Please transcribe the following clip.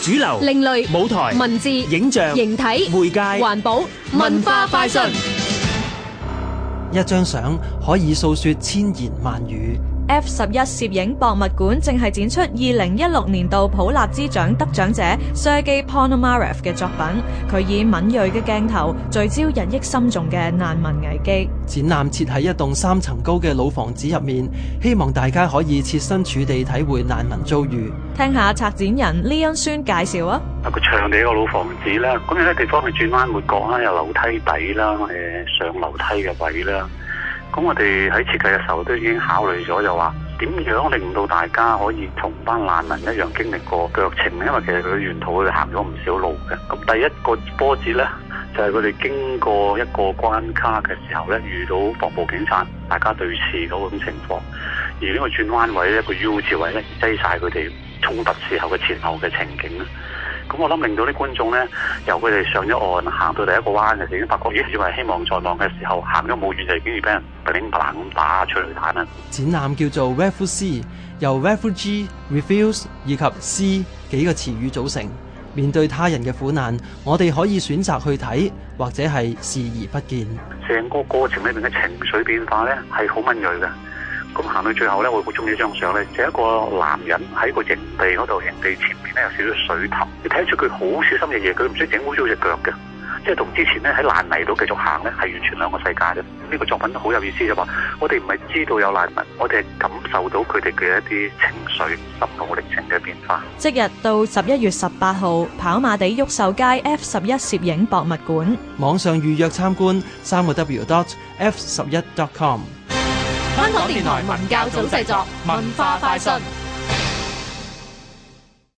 主流、另類、舞台、文字、影像、形體、媒介、環保、文化快訊。一張相可以訴說千言萬語。F 十一攝影博物館正係展出二零一六年度普立茲獎得獎者 Sergey Ponomarev 嘅作品，佢以敏銳嘅鏡頭聚焦日益深重嘅難民危機。展覽設喺一棟三層高嘅老房子入面，希望大家可以設身處地體會難民遭遇。聽下策展人 Leon 孫介紹啊，啊個長嘅個老房子啦，咁有啲地方係轉彎抹角啦，有樓梯底啦，誒上樓梯嘅位啦。咁我哋喺設計嘅時候都已經考慮咗，就話點樣令到大家可以同班難民一樣經歷過腳程，因為其實佢沿途佢哋行咗唔少路嘅。咁第一個波折呢，就係佢哋經過一個關卡嘅時候呢，遇到防暴警察，大家對峙嗰種情況，而呢個轉彎位一個 U 字位呢擠晒佢哋衝突時候嘅前後嘅情景呢。咁、嗯、我諗令到啲觀眾咧，由佢哋上咗岸行到第一個彎嘅時候已經發覺，咦，以為希望在望嘅時候，行咗冇遠就已經俾人突然間猛打催淚彈啦。展覽叫做 Refuge，、e、由 Refuge、Refuse、e、以及 C 幾個詞語組成。面對他人嘅苦難，我哋可以選擇去睇，或者係視而不見。成個過程裏面嘅情緒變化咧，係好敏銳嘅。咁行到最後咧，我好中意一張相咧，就一個男人喺個營地嗰度，營地前面咧，有少少水潭。你睇住佢好小心嘅嘢，佢唔使整污糟隻腳嘅，即係同之前咧喺爛泥度繼續行咧，係完全兩個世界嘅。呢個作品好有意思，就話我哋唔係知道有爛泥，我哋係感受到佢哋嘅一啲情緒、心路歷程嘅變化。即日到十一月十八號，跑馬地毓秀街 F 十一攝影博物館，網上預約參觀三個 W dot F 十一 dot com。香港電台文教組製作，文化快訊。